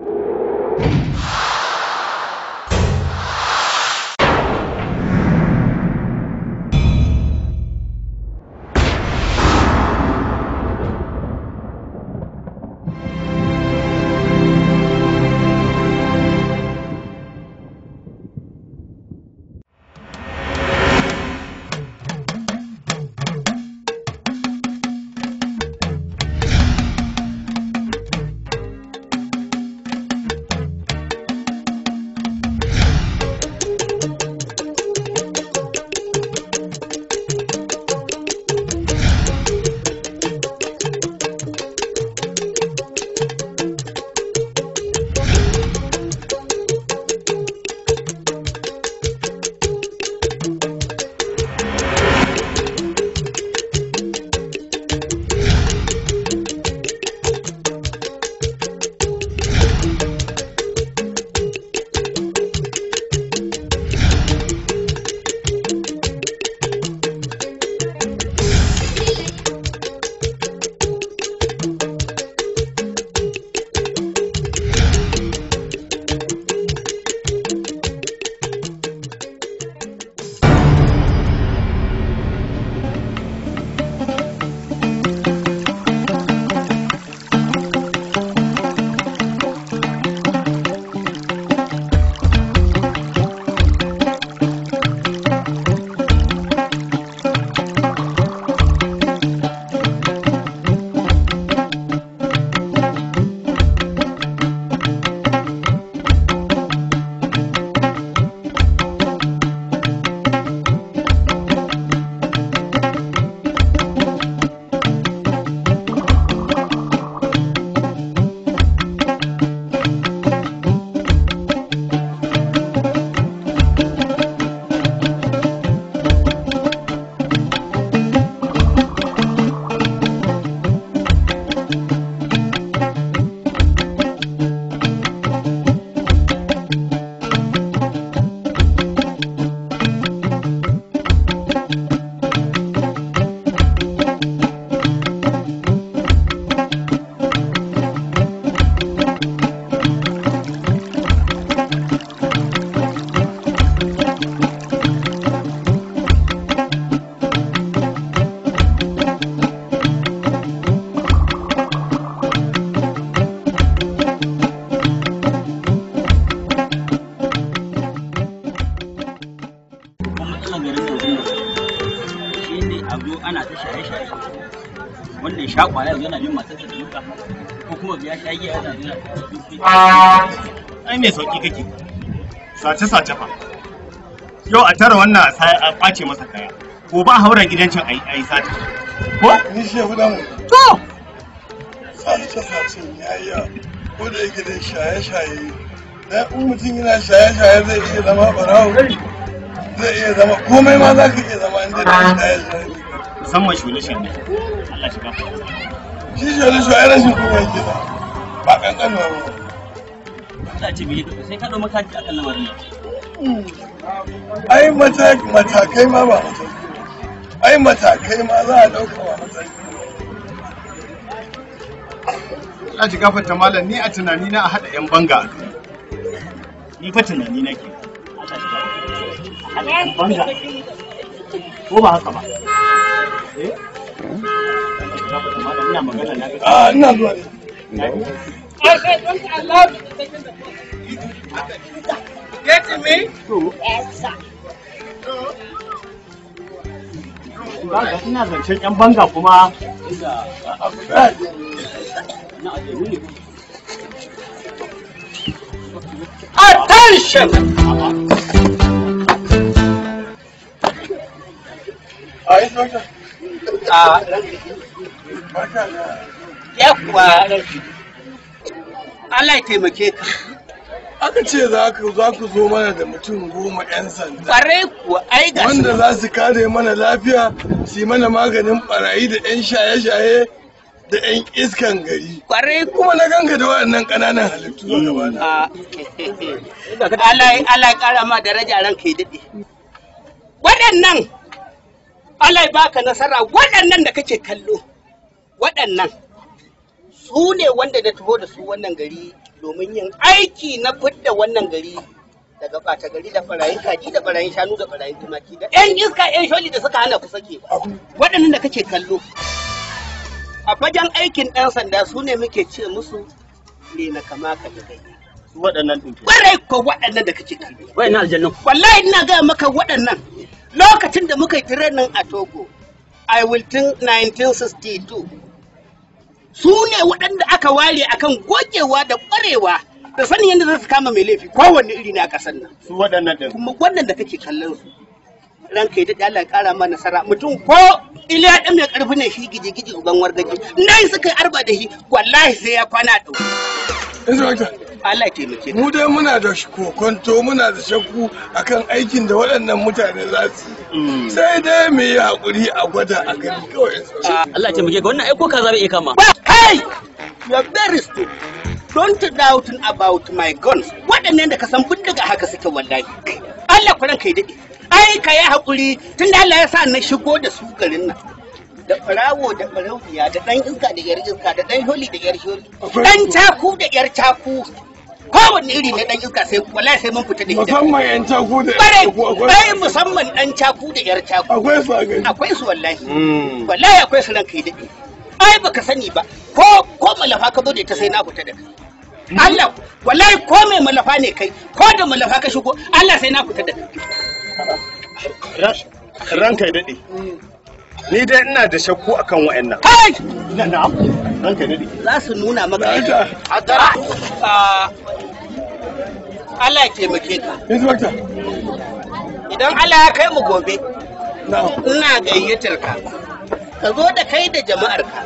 はい。ne sauki kake sace sace fa yau a tara wannan a kwace masa kaya ko ba hauren gidan cin ai yi sata ko ni shi yafi mu to sace sace yayya ko da yake da shaye shaye da in mutum yana shaye shaye zai iya zama barawo zai iya zama komai ma za ka iya zama inda da shaye shaye musamman shule shi Allah shi ba shi shule shi ai rashin kuma yake ba ba kankanuwa ba sai ka ɗau mataki lamarin nan. ai matakai ma ba ai matakai ma za a ɗauka ba mataki Alhaji gafarta malam ni a tunani na a haɗa 'yan banga. Ni fa tunani na ke. Banga. Ko ba haka ba? Eh? Ina magana na ah, ina zuwa ne. I said, I love you. Getting me? Yes, sir. Ina zancen 'yan banga kuma Attention! Ai, Ah, yawwa, rashi. Allah ya taimake ka aka ce za ku za ku zo mana da mutum goma 'yan sanda ƙwarai kuwa ai ga wanda za su kare mana lafiya su yi mana maganin barayi da 'yan shaye-shaye da 'yan iskan gari ƙwarai kuma na ganga da waɗannan ƙananan halittu na gaba ah. Allah ya ƙara ma daraja ran ya daɗe waɗannan Allah ya baka nasara waɗannan da kake kallo waɗannan su ne wanda na taho da su wannan gari domin yin aiki na fidda wannan gari daga bata gari da barayin kaji da barayin shanu da barayin tumaki da 'yan iska 'yan sholi da suka hana ku sake ba waɗannan da kake kallo a fagen aikin ɗan sanda su ne muke ce musu ne na kama ka da gani waɗannan ɗin barai ko waɗannan da kake kallo waɗannan aljanna wallahi ina ga maka waɗannan lokacin da muka yi training a Togo I will think 1962 su ne waɗanda aka ware akan gogewa da ƙwarewa da sanin yadda za su kama mai laifi kowanne iri na ƙasar nan su waɗannan ɗin kuma waɗannan da kake kallon su ranka ya daɗe Allah ƙara ma nasara mutum ko iliya ɗan mai ƙarfi ne shi gijigiji uban wargaji nan suka yi arba da shi wallahi sai ya kwana a ɗauki mu dai muna da kokonto muna da shakku akan aikin da waɗannan mutane za su yi mm. sai dai mu yi hakuri a gwada a gani kawai ah, Allah ce muke ga wannan aiko ka iya kama ba kai you are very don't doubt about my guns waɗannan da ka san daga haka suke wallahi Allah kuran kai dade ai ka yi hakuri tunda Allah ya sa na shigo da su garin nan da farawo da farauniya da ɗan iska da yar iska da ɗan holi da yar holi ɗan caku da yar caku kowanne iri ne ɗan iska sai wallahi sai mun fita da ita musamman yan caku da yar caku bare musamman ɗan caku da yar caku akwai su a akwai su wallahi hmm. wallahi akwai su ranka yi daɗi. ai baka sani ba ko ko malafa ka zo da sai na fita da kai hmm. Allah wallahi ko mai malafa ne kai ko da malafa ka shigo Allah sai na fita da kai ranka yi daɗi. Hmm. ni dai ina da shakku akan wa'annan kai na'am ranka ne za su nuna maka adara Allah ya taimake ka inspector idan Allah ya kai mu gobe ina gayyatar ka ka zo da kai da jama'ar ka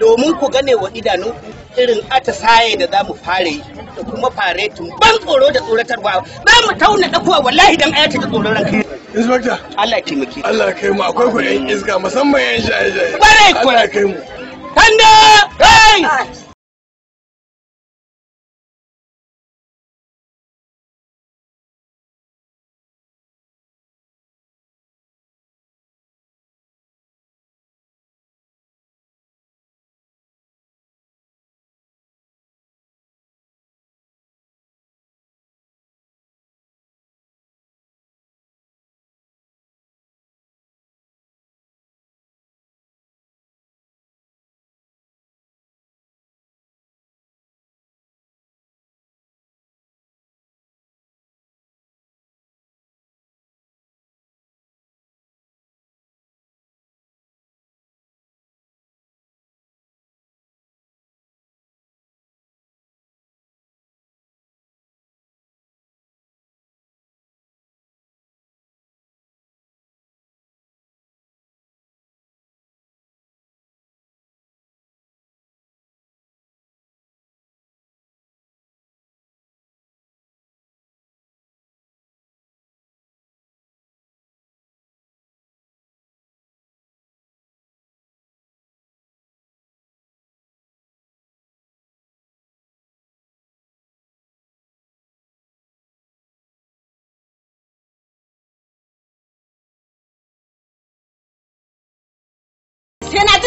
domin ku gane wa idanunku irin atasaye da za mu fara yi da kuma fare ban tsoro da tsoratarwa za mu tauna dakuwa wallahi dan ayata da tsoron ranka inspector Allah ya taimake Allah kai mu akwai ku mm. iska musamman yan shaye-shaye Allah kai mu Tanda! kai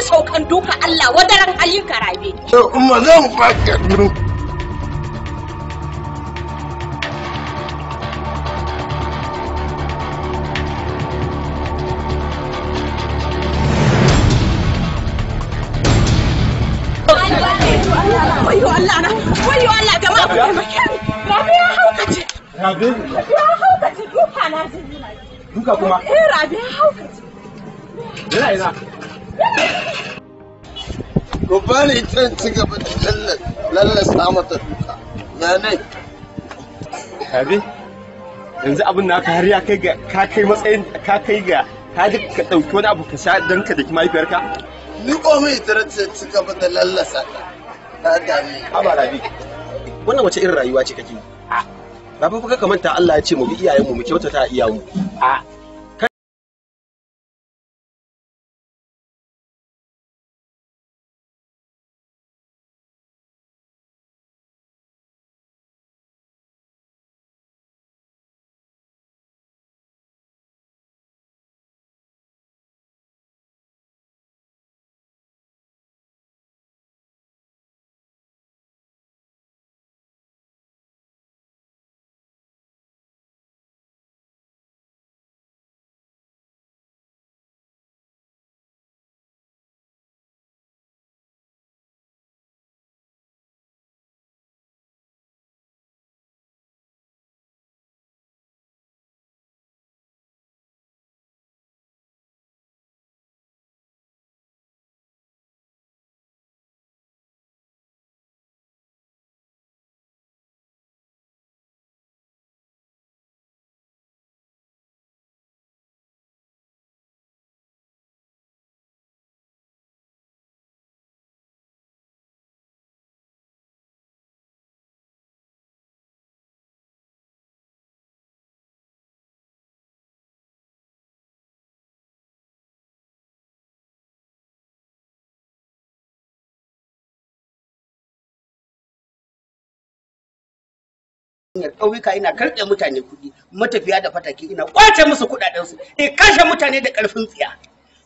saukan duka Allah wadaran halin karabe. umma zan fake duru. wayo Allah na wayo Allah ya duka na duka kuma eh rabe ya kaci. ina ina ne ta ci gaba da lallasa mata duka na ne kabe yanzu abin naka har ya kai ga ka kai matsayin ka kai ga ka ji ka dauki wani abu ka sha dan ka daki mahaifiyarka ni ko mai tare ce ci gaba da lallasa ta ta dame aba rabi wannan wace irin rayuwa ce kake yi Baba fa ka manta Allah ya ce mu bi iyayen mu mu kyautata iyayen mu. A ƙauyuka ina karɓe mutane kuɗi matafiya da fataki ina kwace musu kuɗaɗensu in kashe mutane da ƙarfin tsiya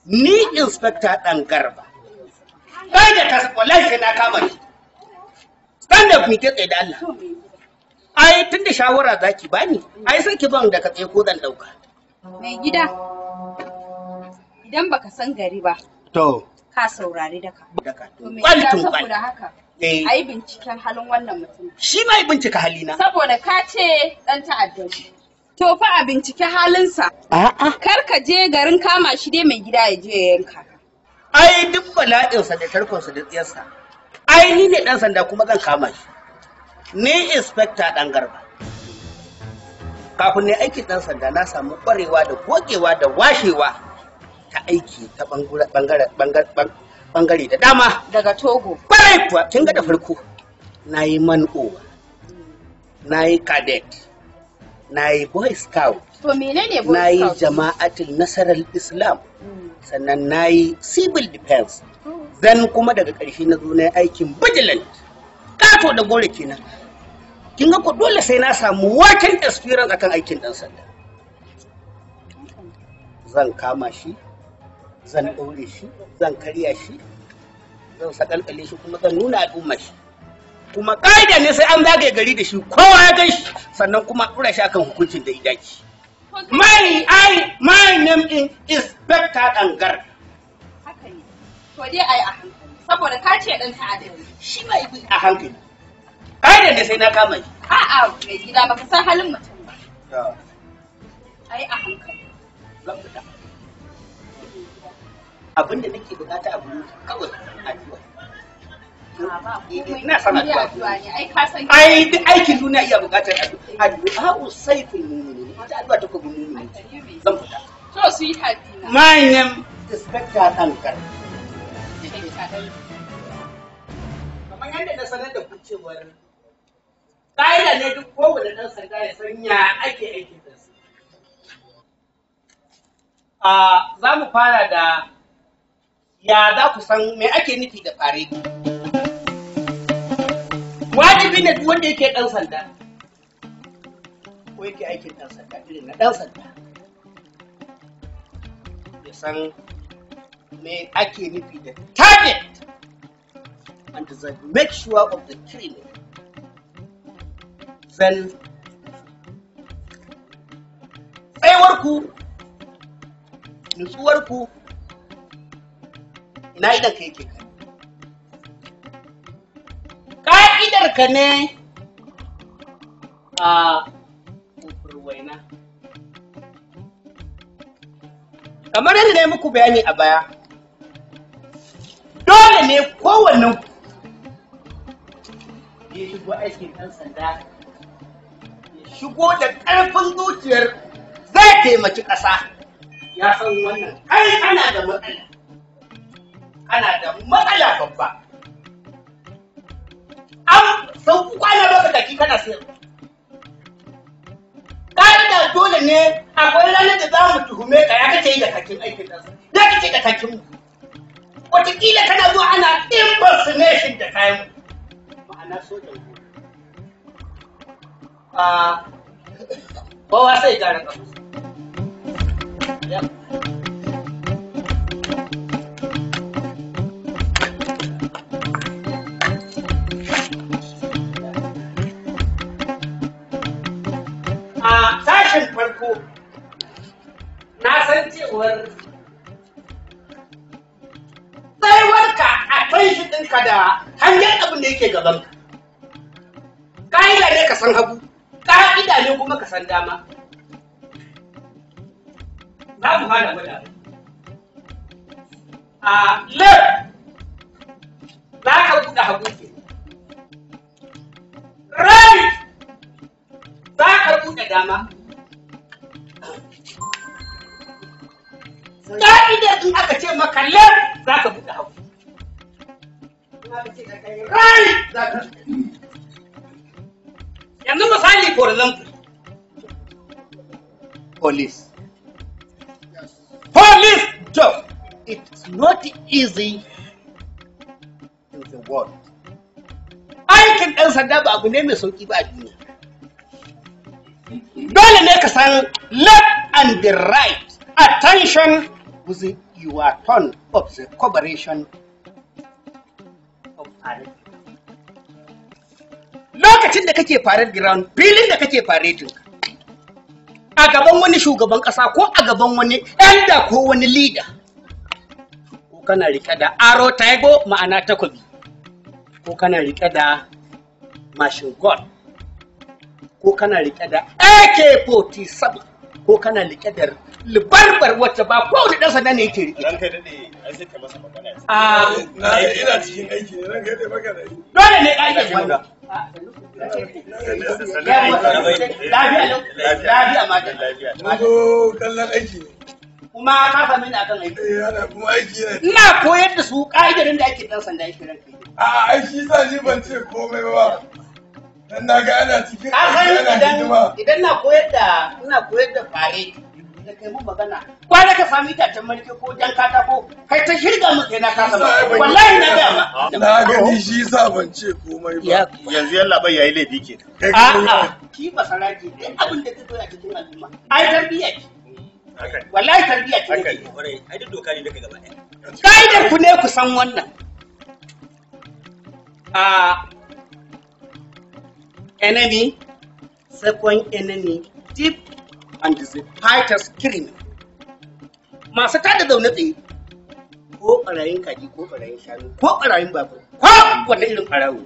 ni inspector ɗan garba bai da ta wallahi sai na kama ni stand up ke tsaye da Allah ai tun da shawara zaki bani ai sai ki ban da ka tsaye ko zan ɗauka mai gida idan baka san gari ba to ka saurari daka daka to me ya saboda haka Eh. a yi binciken halin wannan mutum. Shi ma yi bincika halina. Saboda ka ce ɗan ta'adda shi. To fa a bincike halinsa. A'a. Kar ka je garin kama shi dai mai gida ya je ya yanka. Ai duk bala'insa da tarkonsa da tsiyarsa. Ai ni ne ɗan sanda kuma zan kama shi. Ni inspekta ɗan garba. Kafin ne aikin ɗan sanda na samu ƙwarewa da gogewa da washewa ta aiki ta ɓangaren bangare da dama daga togo kwarai kuwa tun ga da farko na yi man owa na yi cadet na yi boy scout to na yi jama'atul nasarar islam mm. sannan na yi civil defense zan kuma daga ƙarshe na zo na yi aikin vigilant kato da gore kenan kin ga ko dole sai na samu working experience akan aikin dan sanda zan kama shi zan ɗaure shi zan karya shi zan sakalkale shi kuma zan nuna al'umma shi kuma ƙa'ida ne sai an zagaye gari da shi kowa ya gan shi sannan kuma ɗura shi akan hukuncin da ya dace my i my name in is Bekta Dangar haka ne to dai ai a hankali saboda ka ce dan ta'adari shi mai bi a hankali ƙa'ida ne sai na kama shi a'a mai gida baka san halin mutum ba ai a hankali zan fita abin da nake bukata abu kawai addu'a eh, eh, ina son addu'a ai duk aikin duniya iya bukatar addu'a addu'a usaifin mu'mini wata addu'a ta kuma mu'mini zan fita to su yi hadina my name is Dr. Dankar kamar yadda na sanar da ku cewar ƙa'ida ne duk kowane ɗan sanda ya san ya ake aikin da su ah, za mu fara da ya za ku san me ake nufi da fareti wajibi ne duk wanda yake dan sanda ko yake aikin dan sanda irin na dan sanda ya san me ake nufi da target and to make sure of the killing then tsayuwarku nutsuwarku ina idan ka yake kai ka'idar ka ne a waina kamar yadda na yi muku bayani a baya dole ne kowannen ya shigo aikin ɗan sanda ya shigo da ƙarfin zuciyar zai taimaki ƙasa ya san wannan kai ana da matsala ana da matsala babba an sau kwana baka kaki kana sayar da dole ne akwai ranar da za mu tuhume ka ya kace yi da kakin aikin ɗansa ya kace da kakin mu wataƙila kana zuwa ana impersonation da kayan mu ma'ana sojan ah, kowa sai gara ƙafa ka da hanyar abin da yake gaban ka ka'ida ne ka san hagu ka'ida ne kuma ka san dama za mu fara gwada a lef za ka buɗe hagu ke Rai za ka buɗe dama ka'idar in aka ce maka lef za ka buɗe hagu Kai! Yanzu misali for example. Police. Police job. It's not easy in the world. Aikin ɗan sanda ba abu ne mai sauƙi ba a duniya. Dole ne ka san left and the right attention with your turn of the cooperation lokacin da kake faret ground filin da kake faretin a gaban wani shugaban kasa ko a gaban wani elda ko wani leader ko kana rike da aro taigo ma'ana takobi ko kana rike da mashin god ko kana rike da ak-47 ko kana rike da libarbar wacce ba kowane ɗan sanda ne yake rike. Ranka ina ne, koyar da su ƙa'idar da ake ɗan sanda A'a, shi sa ban ce komai ba. Dan na ga ana cikin aiki Idan na koyar da, ina koyar da fare. da kai mun magana kwana ka sami ta ta marke ko jan katako kai ta shirga mu kai na kasa wallahi na ga ma na gani shi sa ban ce komai ba yanzu yalla bai yayi laifi ke a'a ki ba saraki duk abin da kake a cikin al'umma ai tarbiyya ce wallahi tarbiyya ce ai duk doka ne da gaba ɗaya kaidar ku ne ku san wannan a enemy second enemy deep and the fighters criminal masu tada tsaye ko ƙarayin kaji ko ƙarayin shanu ko ƙarayin babur ko wanda irin ɓarawo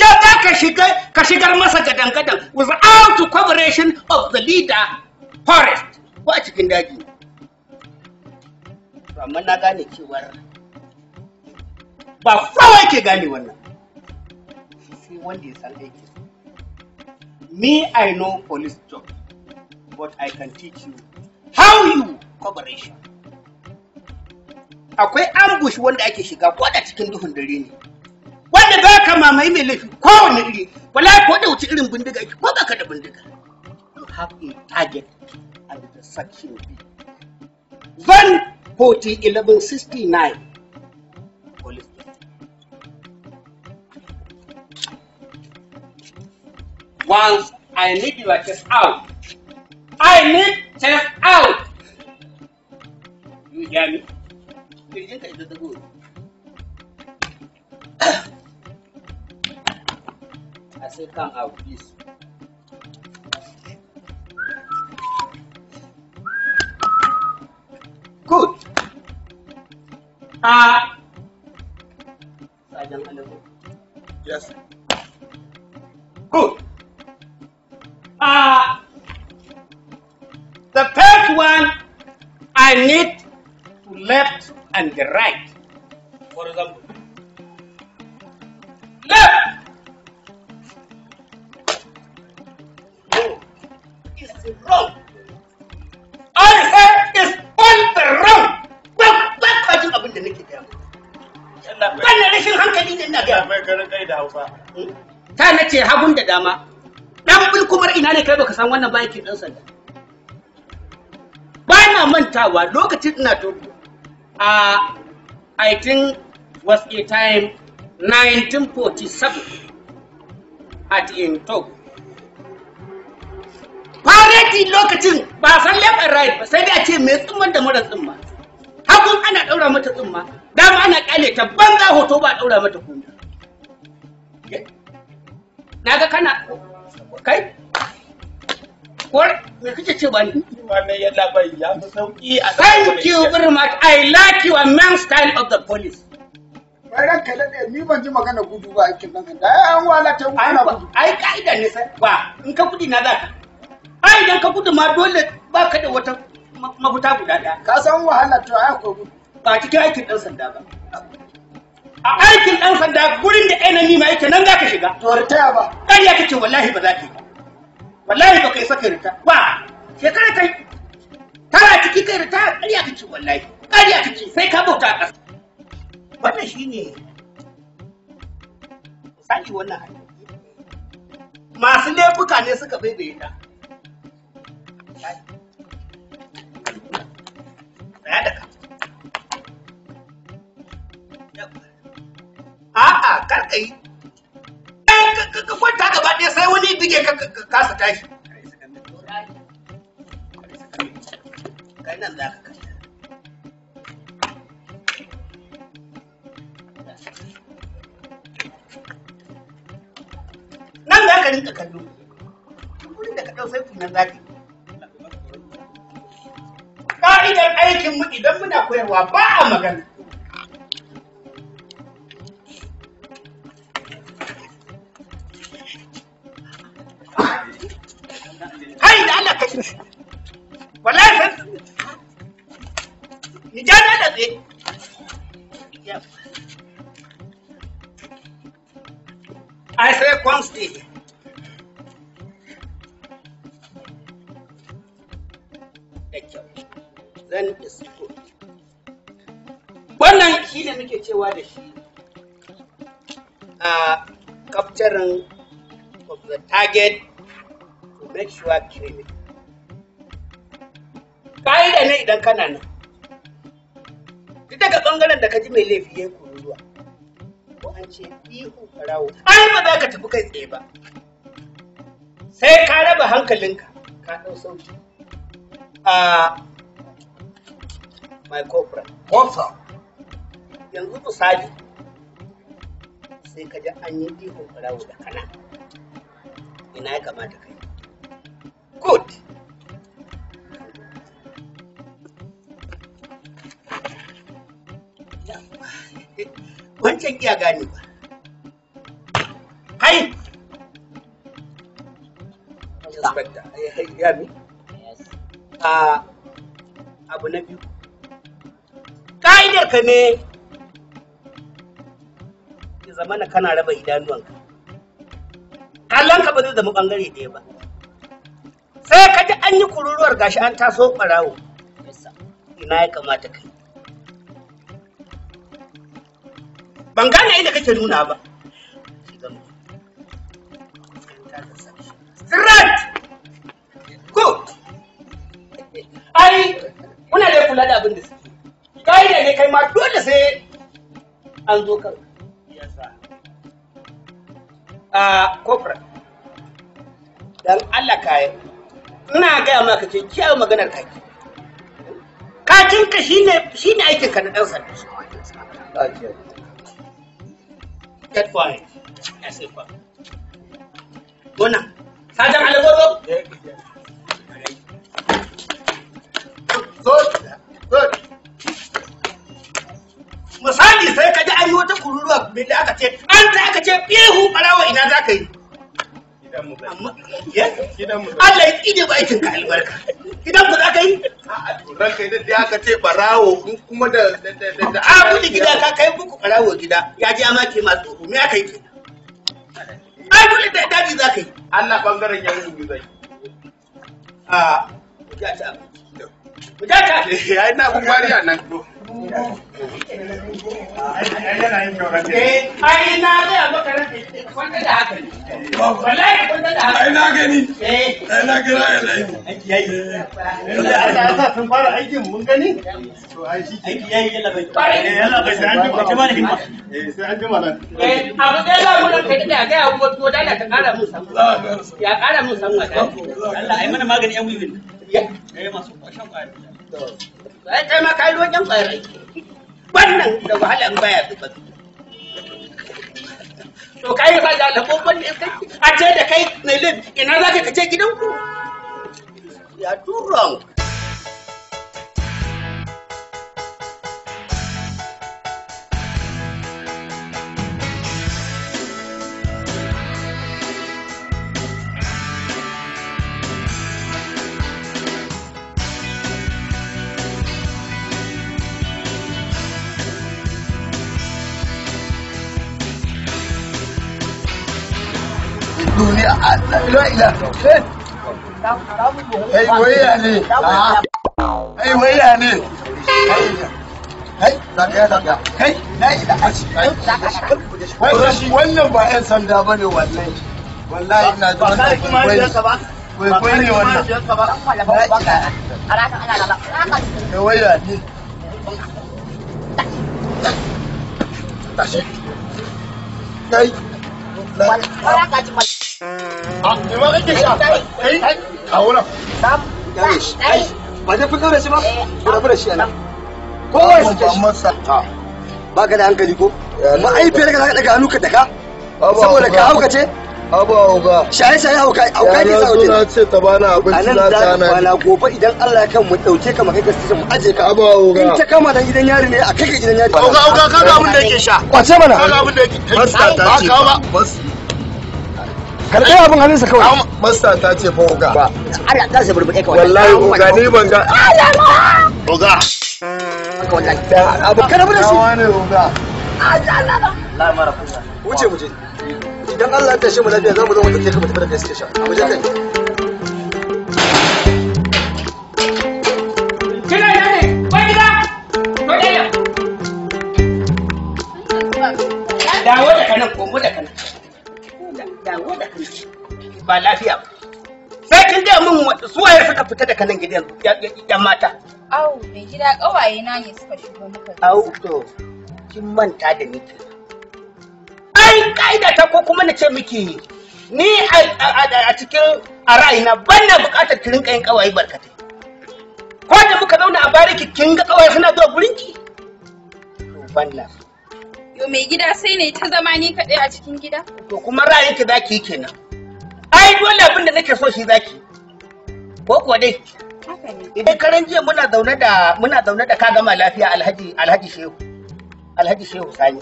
ya za ka shiga ka shigar masa gadan gadan without cooperation of the leader forest ko a cikin daji amma na gane cewar ba fawa ke gane wannan sai wanda ya san aiki me i know police job What I can teach you how you collaboration. Akwai ambush wanda ake shiga ko da cikin duhun dare ne. Wanda ba ka mamaye mai laifi kowane iri, wala ko da wuce irin bindiga ake ko baka da bindiga. You have a target and the section B. Zone 40 1169 police Once I need you your chest out, I need check out. You got me. I said come out, please. Good. Ah. Uh, Sergeant Yes. I need to left and the right. For example, left. wrong. I say it's on the wrong. da hankali ne na da hagun da dama. Dan kumar ina ne kai kesan san wannan ba yake dan sanda. Ina mantawa lokacin ina tudu a i think was a time 1947 at Intog. Fareti lokacin ba san left and right ba sai dai a ce mai tsumman da mara tsumma. Hagun ana daura mata tsumma, dama ana ƙyale ta banza hoto ba daura mata kuma. Na ga kana kai? me kake ce ba ni? Wannan ya bai ya fi sauki a Thank you very much. I like your man style of the police. Bayan ka daɗe ni ban ji magana gudu ba aikin nan da ya an wala ta wala gudu. Ai ka'ida ne sai ba in ka gudu na za ka. Ai idan ka gudu ma dole ba ka da wata mafuta guda ɗaya. Ka san wahala to ai akwai gudu. Ba cikin aikin ɗan sanda ba. A aikin ɗan sanda gurin da enemy ma yake nan za ka shiga. To ritaya ba. Ƙarya kake wallahi ba za ka yi wallahi ba kai saka rita ba shekara ta tara ciki kai rita ƙarya kake wallahi ƙarya kake sai ka bauta a ƙasa wannan shine sani wannan hali masu laifuka ne suka baibaye ta A'a, kar ka yi ka kwanta gaba ɗaya sai wani bige ka kasa tashi nan za ka nan za ka rinka kallo wurin da ka ɗau sai kunan za ka ka'idar aikinmu idan muna koyarwa ba a magana wallahi san ni ja na da tsaye I say da wannan shi ne muke cewa da shi a ah, capturing of the target to make sure criminal bayi da ne idan kana nan duk daga bangaren da ka ji mai laifi ya kururuwa ko an ce ihu farawo ai ba za ka tafi kai tsaye ba sai ka raba hankalinka ka ɗau sauki a my corporate corporate yanzu misali sai ka ji an yi ihu farawo da kana ina ya kamata kai good wancan iya gane ba hai a abu na biyu ka'idar ka ne ya zamana kana raba idanuwanka kallon ka ba zai zama bangare ɗaya ba sai ka ji an yi kururuwar gashi an taso ɓarawo ina ya kamata kai ban gane inda kake nuna ba Right! Good! Ai, muna da kula da abin da suke. Ka'ida ne kai ma dole sai an zo kan. A kofra, Dan Allah kai ina gaya maka ce kiyar maganar kaki. Kakinka shi ne aikinka na ɗan sanda. get quiet. I say quiet. Go now. Good. Good. Misali sai ka ji an ta wata kururuwa mai da aka ce, an da aka ce ihu ɓarawa ina za yi. gidan mu gidan mu Allah ya kide bakin ka albarka gidan ku za ka yi ran kai da aka ce barawo kuma da da da a buɗe gida ka kai buku barawo gida ya ji ama ke masu dubu me aka yi ke ai buɗe da daji za ka yi Allah bangaren yanzu zai a ya ci Fita ka. Ya ina kun kwariya nan. Ai na ga maka rafi ne. Wallahi kwanta da haka. Ai na na ga ra'ayi lai. Aiki Da Allah ya sun fara aikin mun gani. To ai shi aiki yayi yalla bai. Yalla bai sai an ji kuma da himma. Eh sai an ji malan. Eh abu da za mu ranka da ga ya kuma to dala ka kara mun san. Ya mun san wata. Allah ai mana magani yan wiwin. Ya. Kai ma kai roƙin ƙwairai. Wannan da wahalar in baya zuba. To kai fa da lafofin kai a ce da kai na ina za ka je gidanku? Ya turon. لا اله اي ويا هني ba 'yan sanda ba kai Ah, me ma kake ba ta da shi anan. Kowa ya sake ka da hankali ko? ka ka daga hannu ka daga? Saboda ka hauka ce? Abu Shaye shaye hauka hauka ne sa wajen. Na ce ta bana abinci na gobe idan Allah ya kan mu dauke ka makai gaskiya mu aje ka. Abu In ta kama dan gidan yari ne a kai gidan yari. Hauka k'a kaga abin da yake sha. Kwace mana. Kaga abin da yake. ta ce. Ba ka ba. karɓe abin hannunsa kawai masta ta ce fa oga Allah ta burbuɗe ka wallahi oga ni ban ga ah, oga haka wallahi abu kana bude shi wani oga ah, Allah mara kusa wuce mu je idan Allah ya tashi mu lafiya za mu zo mu take ka mu tafi da gaske sha mu je kai ne ba gida ba gida dawo da kanan komo da kanan dawo da kanki ba lafiya ba sai kin ga min suwaye suka fita daga nan gidan yan mata au mai gida kawaye na ne suka shigo muka au to kin manta da ni ai kaida ta ko kuma na ce miki ni a cikin a ra'ayina ban na bukatar ki rinka yin kawaye barkatai ko da muka zauna a bariki kin ga kawaye suna zuwa gurinki to ban na so Yo mai gida sai ne ta zama ni kaɗai a cikin gida? To kuma ra'ayin ki zaki yi kenan. Ai dole abin da nake so shi zaki. Ko kuwa dai? Idan karan jiya muna zaune da muna zaune da ka gama lafiya Alhaji Alhaji Shehu. Alhaji Shehu Sani.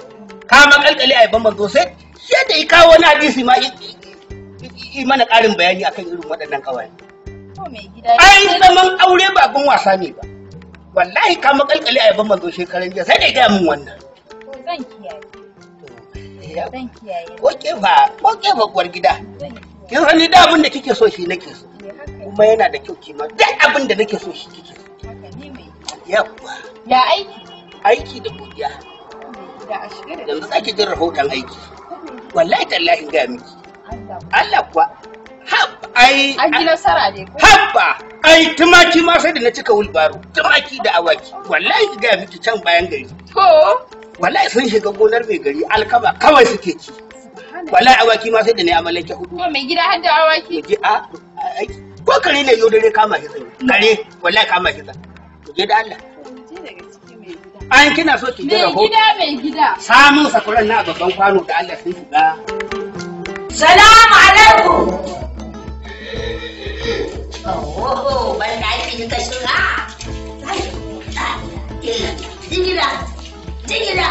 Ka kalkale ai bamban zo sai sai da i kawo wani hadisi ma yi mana ƙarin bayani akan irin waɗannan kawai. Ai zaman aure ba abin wasa ne ba. Wallahi ka kalkale ai bamban zo shekaran jiya sai da i gaya min wannan. Zan kiyaye. Eh. Zan kiyaye. Koke fa, koke fa uwar gida. Kin san ni da abin da kike so shi nake so. Eh, Kuma yana da kyau kima duk abin da nake so shi kike so. Yawwa. Ya aiki. Aiki da godiya. Yanzu sake jin rahoton aiki. Wallahi tallahi ga miki. Allah kuwa. ai an ji nasara ne ko habba ai tumaki ma sai da na cika wulbaro tumaki da awaki wallahi ga miki can bayan gari ko wallahi sun shiga gonar mai gari alkaba kawai suke ci wallahi awaki ma sai da ne amalanke hudu mai gida har awaki a ko kare ne yau dare kama shi tsaye kare wallahi kama shi tsaye je da Allah an kina so ki ji rahoto mai gida mai gida samun sakuran na babban kwano da Allah sun shiga salamu alaikum Oh, oh, oh, oh, oh, oh, oh, oh jigila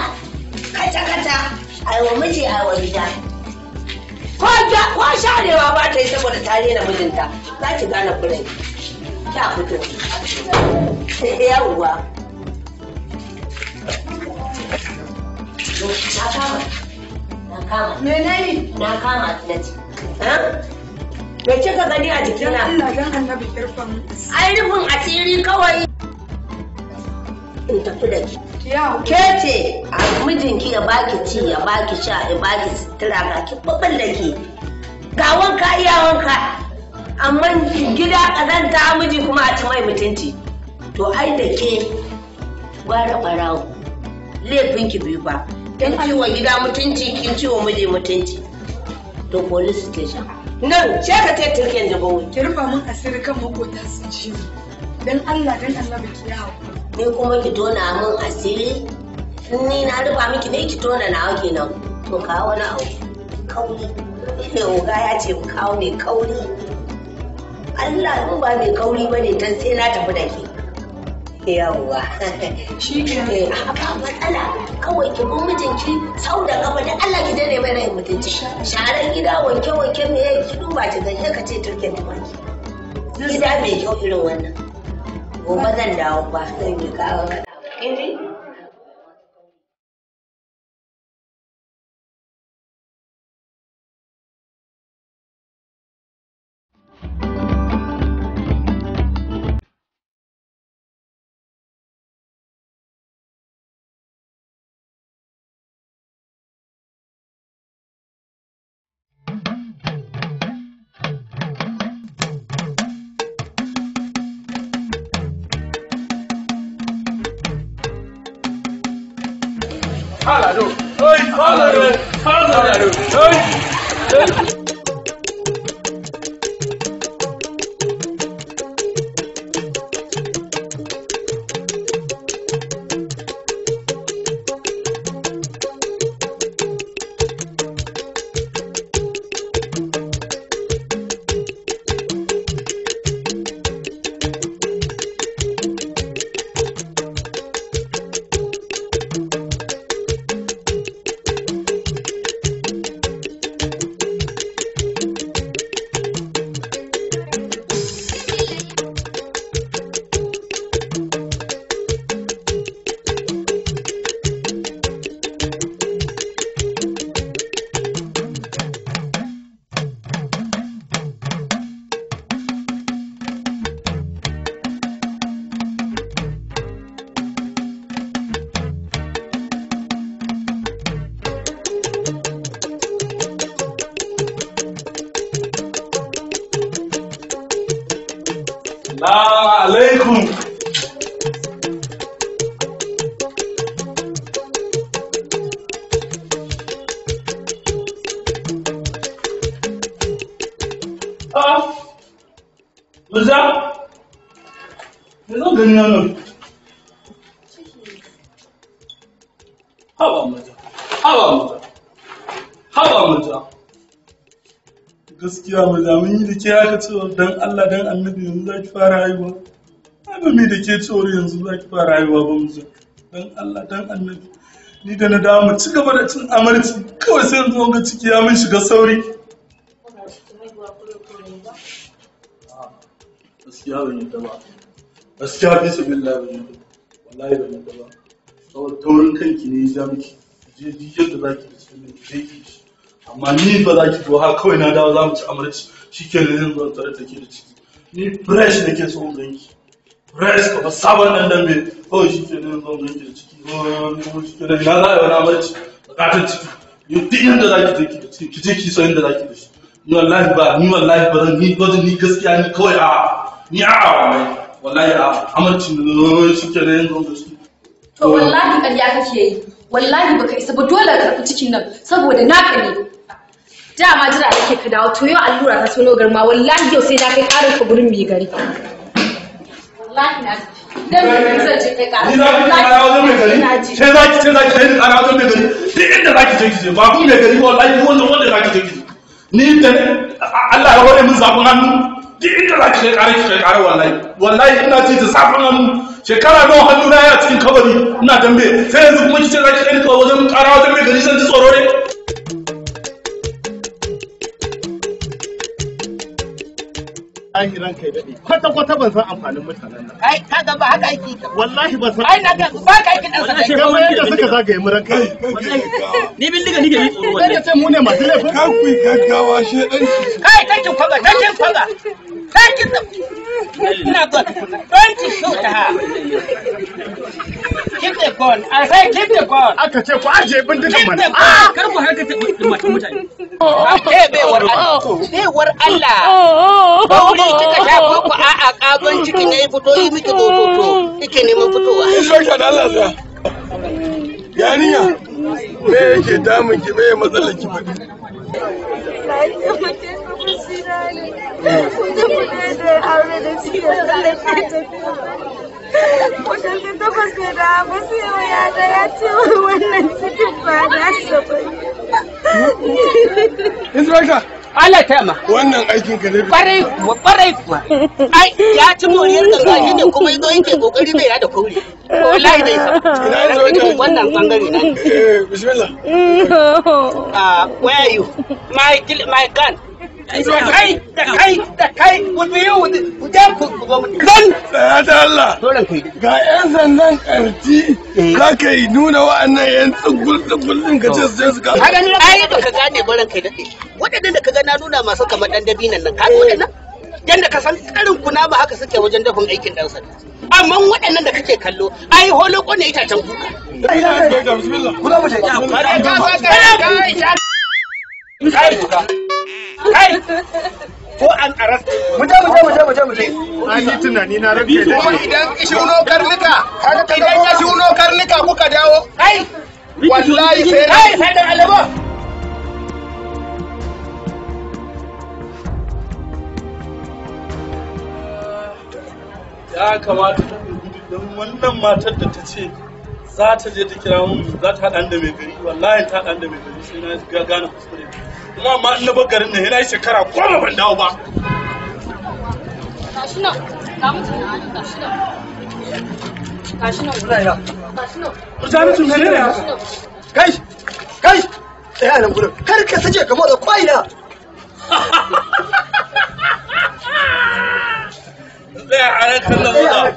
kata-kata a wa miji a wa gida ko sharewa ba ta yi saboda ta rena mijinta za ki gane kuren ta fito yawwa na kama na kama menene na kama na ci me kika gani a jikina ina dan annabi kirfan ai rufin asiri kawai in tafi da ki. Ke ce a mijinki ya baki ci ya baki sha ya baki sutura ga ki babban da ke. Ga wanka iya wanka amma gida ƙazanta miji kuma a ci mai mutunci. To ai da ke gwara ɓarawo ki biyu ba. Kin ci wa gida mutunci kin ci wa miji mutunci. To police station. Nan ce ka ce turken jabawo. Ki rufa mun asiri kan makota sun ci. Don Allah don Allah ba ki yawo. ni kuma ki tona min asiri in ni na rufa miki ne ki tona nawa kenan to kawo wani abu kauri oga ya ce mu kawo mai kauri Allah in ba mai kauri bane ne tan sai na tafi da ke yawwa shi ke eh, ba matsala kawai ki bin mijinki sau da gaba da Allah ki dane mai rai mutunci sharar gida wanke wanke me ki duba ki ga ka ce turke da gida mai kyau irin wannan gobe zan dawo ba sai mai kawo kaɗa. Fala, Naru! Fala, Naru! cewa dan Allah dan annabi yanzu za ki fara haihuwa ba mai da ke cewar yanzu za ki fara haihuwa ba mu dan Allah dan annabi ni da na dawo mu ci gaba da cin amarci kawai sai yanzu wanga ciki ya min shiga sauri gaskiya ban yadda ba gaskiya fi su billahi ban yadda wallahi ban yadda ba Kawai taurin kanki ne ya ja miki je duk yadda za ki da su ne ki amma ni ba za ki zo ha kawai na dawo za mu ci amarci shi ke zuwa tare ke da ciki ni fresh da ke son ganki fresh ko sabon nan dan bai kawai shi ke lalin zuwa ganki da ciki ni kuma shi ke na za a yi wani abarci ciki ni tin inda za ki je ki da ciki ki je ki san inda za ki da shi ni wallahi ba ni wallahi ba zan ni gwajin ni gaskiya ni kawai a ni a wallahi wallahi a amarci ne shi ke lalin zuwa ganki to wallahi ya kake yi wallahi baka isa ba dole ka karɓi cikin nan saboda na kare dama jira nake ka dawo to yau allura ta tono garma wallahi yau sai na kai karin ka gurin mai gari wallahi na zan ni wajen gari za ki za ki wajen gari inda za ki je gari wallahi wanda za ki je ni da Allah ya hore min zafin hannu duk inda za ki kai kara ki kai wallahi wallahi ina ji ta, zafin hannu shekara nawa hannu na ya cikin kabari ina dambe sai yanzu kuma ki ce za ki kai kara wajen mai gari zan ji tsoro ne wallahi ranka ya dade kwata kwata ban san amfanin mutanen nan kaga ba haka aiki wallahi san ai na ga ba ka aiki dan sai kamar yadda suka zagaye mu ranka ni bin diga nige ni tsoro sai mu ne masu laifin kai ku gaggawa shedan kai kai ki kwaga kai ki kwaga Thank you. Not Don't shoot her. Keep the gun. I say keep the gun. Aka ce ku aje bindigan mana. Kar ku harka ta mutane. Ke bewar Allah. Bewar Allah. Ba wuri kika sha ko a a kagon ciki ne fito yi miki to Kike neman fitowa. Shosha da Allah sa. Yarinya. Me yake damun ki matsalar ki ba? sirali ne Allah ta ma. Wannan aikin ka ne. Kwarai kuwa, kwarai kuwa. Ai, ya ci moriyar da zuwa ne kuma yazo yake kokari bai da ko Wallahi dai sa. Ina yazo yake wannan bangare na. Eh, bismillah. Ah, where are you? My my gun. kai da kai da kai ga yan sandan eh. karti za ka yi nuna wa'annan yan tsugul tsugul ka ce su je su ka ka gani da ka gane baran kai dade wadannan da ka gana nuna masu kamar dan dabinan nan ka wadannan yanda ka san karin kunama haka suke wajen dafin aikin dan sanda amma waɗannan da kake kallo ayi holoko ne itacen kuka kai kai ko an arrest mu je mu je mu je mu je an yi tunani na rabi da shi idan shuno karnuka idan ya shuno karnuka kuka dawo kai wallahi sai kai sai da alabo ya kamata ta don wannan matar da ta ce za ta je ta kira mu za ta haɗa da mai gari wallahi ta haɗa da mai gari sai na gane kuskure kuma ma na bar garin nan yana yi shekara goma ban dawo ba gashi nan ga mutum na gashi nan nan nan ne ya kai kai tsaya nan kar ka sace da kwaina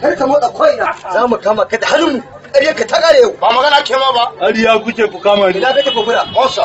Kar ka motsa za mu kama ka da hannun mu ƙarya ka ta yau. Ba magana ke ma ba. Ariya kuke ku kama ni. Ina kake kofura. Osa.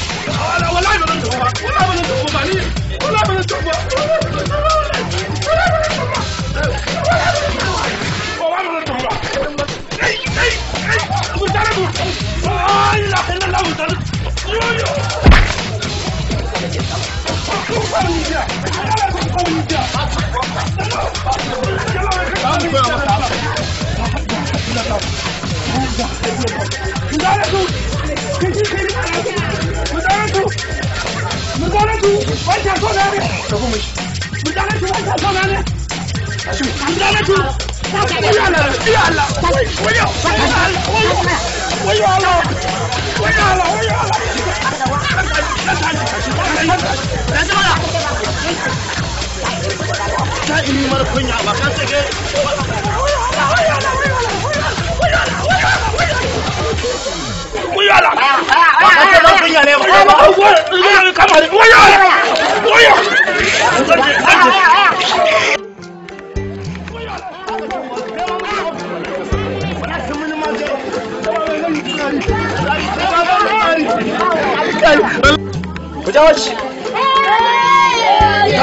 我哪不能走饭？我哪不能走饭？你我哪不能做饭？我哪不能走饭？回家吧，我赶紧回去。我家了，回了，了，了，了，了。了，了，了，了。了。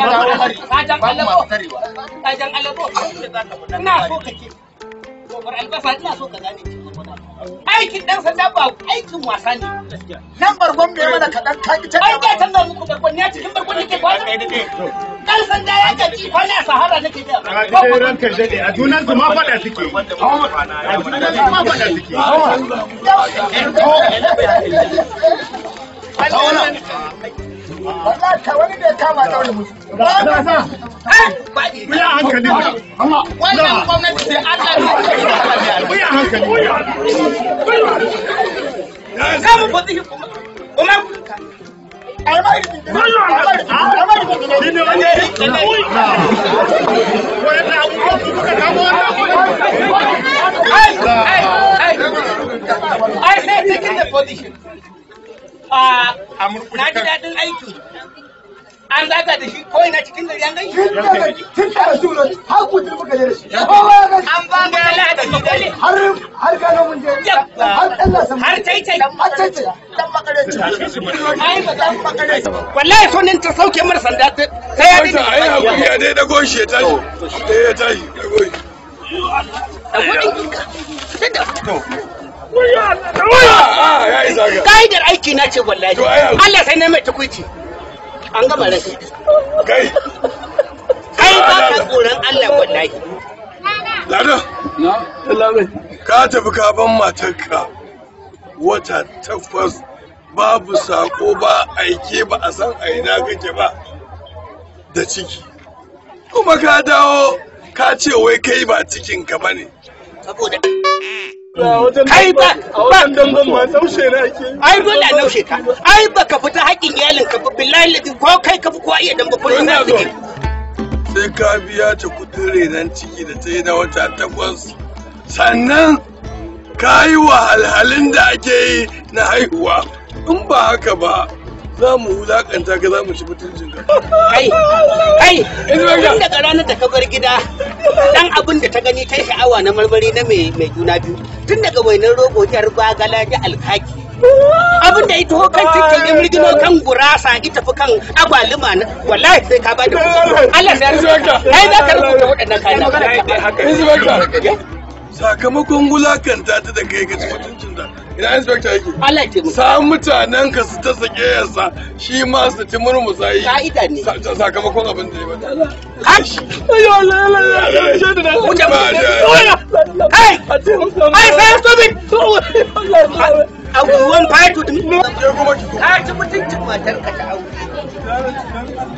kajan alabo kajan alabo ina so ka ke albasa ina so ka gane aikin dan sanda ba aikin wasa ne nan bargon bai mana kaɗan kaɗi ta ai ga tanda muku bargon ya cikin bargon nake kwana dan sanda ya gaji kwana a sahara nake da ba ku ran kan a junan su ma faɗa suke a junan su ma fada suke Tawala. wallahi ka wani da da wani ya hankali ne ya hankali I had the position. na ji daɗin aiki an zaga da shi ko ina cikin gari an gan shi tun da su ne har kudin muka je da shi an ba mu da shi har har mun je har Allah san har tai tai har tai tai dan makaranta ai ba dan makaranta wallahi so nin ta sauke mar sanda ta sai ya dinga ai hakuri ya dai dago shi ya eh, ya tashi shi da kudin ka da Ka'idar aiki na ce wallahi. Allah sai na mai tukuici. An gama rashi. Kai. Kai ba ka tsoron Allah wallahi. Lado. Na? Ka tafi ka ban matarka wata takwas babu sako ba aike ba a san a ina kake ba da ciki. Kuma ka dawo ka ce wai kai ba cikinka ba ne. Saboda. kai ba ba ai dole a laushe ka ai baka fita haƙin iyalin ka ba billahi ladin ko kai ka fi kowa iya damba kullum na zuke sai ka biya ta kudin renan ciki da ta yi na wata takwas sannan ka yi wahalhalin da ake yi na haihuwa in ba haka ba za mu wulakanta ka za mu ci mutuncin ka. Kai, kai, tun daga ranar da ka bar gida, dan abin da ta gani ta sha'awa na marmari na mai juna biyu, tun daga wainar rogo yar bagala da alkaki. Abin da ita kan cikin ya mirgino kan gurasa ita fi kan agwaluma na wallahi sai ka bada kusa. Allah ya rubuta, ai za ka rubuta waɗannan kayan. Sakamakon wulakanta ta da kai ka ci mutuncin da. ina inspector yake sa mutanen ka su ta sake yasa shi ma su ti murmusa yi ka'ida ne sakamakon abin da ya bata ayo Allah Allah Allah shaidu da wuce wuce hey hey say stop it a guwan fayatu kuma ki a ci mutuncin matar ka ta aure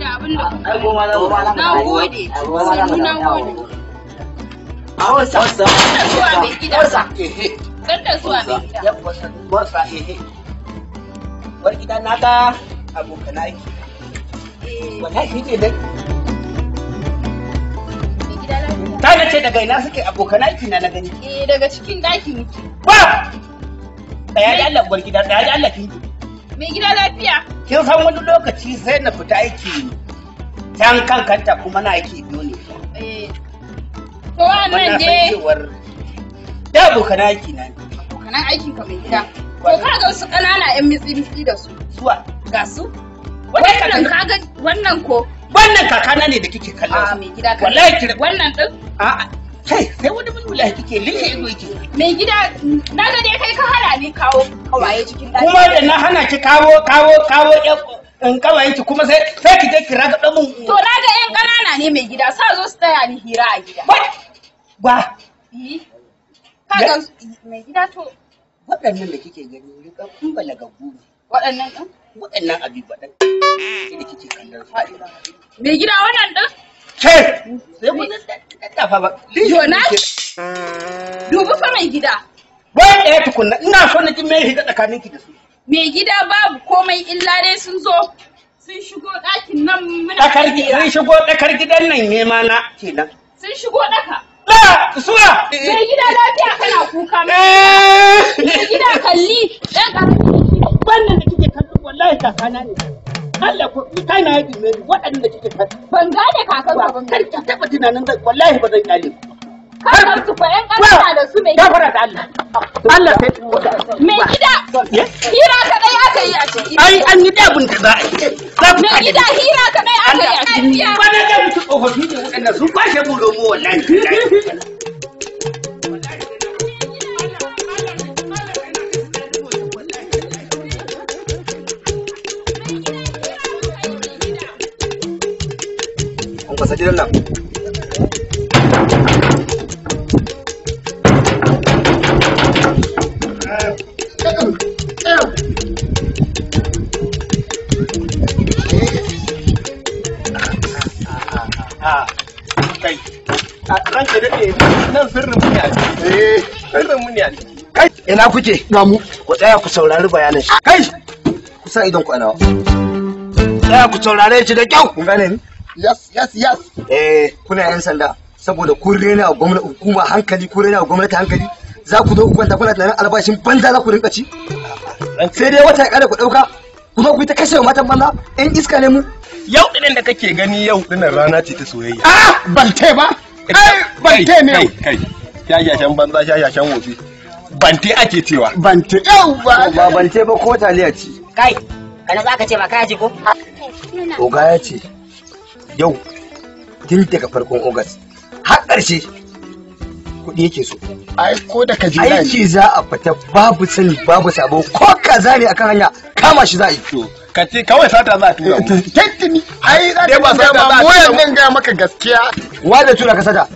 da abin da na gode sannu na gode a wasa wasa sanda zuwa mai gida sanda zuwa mai gida wasa ehe eh. eh, eh. war gida na ga abokan aiki wallahi shi ke dai ta da ce daga ina suke abokan aiki na na gani eh daga cikin daki ba tsaya da Allah war gida tsaya Allah mai gida lafiya kin san wani lokaci sai na fita aiki can kan kanta kuma na aiki biyu ne eh, to wannan je da na aiki na na aiki ka mai gida ko ka ga su kanana yan mitsi mitsi da su zuwa ga su wannan ka ga wannan ko wannan kakana ne da kike kallon ah, su wallahi wannan din a'a kai sai wani mun bulahi kike lille ido yake mai gida na ga dai kai ka hana ni kawo kawaye cikin daki kuma da na hana ki kawo kawo kawo in kawaye ki kuma sai sai ki je ki raga dan mun to na ga yan kanana ne mai gida sa zo su taya ni hira a gida ba Ba. Eh. ka ga mai gida to waɗannan da kike gani rikakkun balagaggu ne waɗannan ɗin waɗannan abubuwa ɗin da kike kallon fa'ida mai gida wannan ɗin ke sai ku daddafa dubu fa mai gida bai ɗaya eh, tukunna ina so na ji me tsakanin ki da su mai gida babu komai illa dai sun zo sun shigo ɗakin nan muna tsakar sun shigo ɗakar gidan nan ne ma na kenan sun shigo ɗaka La, sura! Mai gida lafiya kana kuka eh! mai gida kalli ɗan ƙarfi wannan da kike kallo wallahi kakana ne. kalla ku kai na yaki mai waɗanda kike kai ban gane kakan ka ban kar ki taba tunanin da wallahi ba zan kyale kakan su fa yan ƙasa da su mai gafara da Allah Allah sai ku me gida hira ka dai aka yi a ciki ai an yi da abin da za me gida hira ka dai aka yi a ciki ba da da mutu tsofaffi ne waɗanda sun kwashe mu lomo wallahi fasa gidan nan kai eh, ne ina kuke ga ku tsaya ku saurari bayanin shi kai ku sa idon ku tsaya ku saurare shi da kyau kun gane ni yes yes yes eh kuna yan sanda saboda kun rena gwamnati hukuma hankali kun rena gwamnati hankali za ku zo ku kwanta kuna tunanin albashin banza za ku rinka ci sai dai wata ya kada ku dauka ku zo ku yi ta kashe matan banza yan iska ne mu yau dinin da kake gani yau dinin rana ce ta soyayya ah balte ba eh, ai balte ne kai shashashan banza shashashan wofi bante ake cewa bante yau ba ba bante ba ko taliya ce kai kana za ka ce ba kaya ce ko ga ya ce yau tun daga farkon ogas har ƙarshe kuɗi yake so. Ai ko da ka je aiki za a fita babu sani babu sabo ko kaza ne akan hanya kama shi za a yi. Ka ce kawai sata za a tura mu. Eh, Tattini ai za ta ba tura mu. nan ga maka gaskiya. Wa da tura ka sata.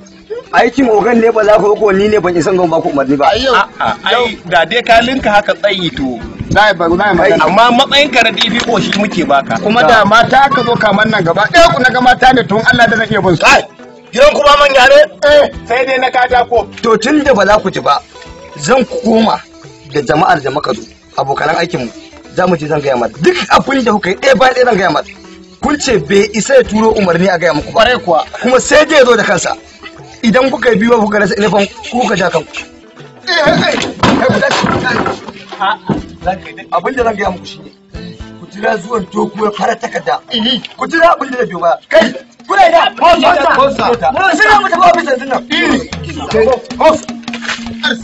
aikin ogan ne ba za ku ko ni ne ban isan gan ba ku umarni ba ai da dai ka linka haka tsayi to amma matsayin ka na DPO shi muke baka kuma da mata aka zo kaman nan gaba ɗaya ku na ga mata ne tun Allah da zan bin su gidan kuma manya ne eh, sai dai na ko to tun da ba za ku ji ba zan koma da jama'ar da muka zo abokanan aikinmu za mu je zan gaya mata duk abin da kuka yi ɗaya bayan ɗaya zan gaya mata kun ce bai isa ya turo umarni a gaya muku ba kuwa kuma sai dai zo da kansa idan kuka yi biyu kuka rasa ilifan kuka ja kanku eh, eh, eh, abin da zan gaya muku shine ku jira zuwan dokuwar fara takarda ku jira abin da kai kuna Mosa! Mosa! Mosa! Mosa! Mosa! Mosa! Mosa! Mosa! Mosa! Mosa!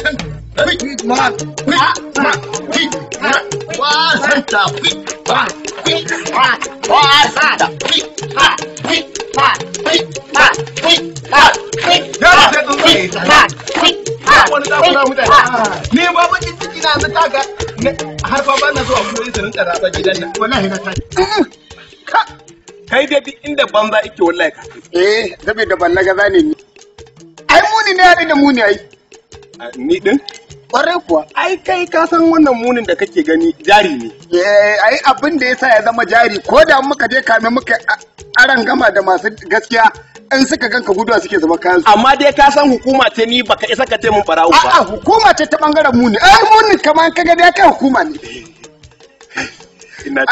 Mosa quick mark, quick mark, quick mark. Wasanta, quick mark, quick mark. Wasanta, quick mark, quick mark, quick mark, quick mark, quick mark, quick mark, quick mark. Ne ba bakin ciki na yanzu ta ga har ba na zuwa kuma yin sanin tsara ba gidan nan. Wallahi na ta. Kai dai inda banza ike wallahi ka. Eh, saboda ban na gaza ne Ai muni ne ya da muni ai. ni din kwarai kuwa ai kai ka san wannan munin da kake gani jari ne eh, ai abin da yasa ya zama jari ko da muka je kame muka aran gama da masu gaskiya in suka ganka guduwa suke zama kayan amma dai ka san hukuma ce ni baka isa ka taimun barawo ba a'a hukuma ce ta bangaren muni ai muni kamar kaga dai kai hukuma ne ina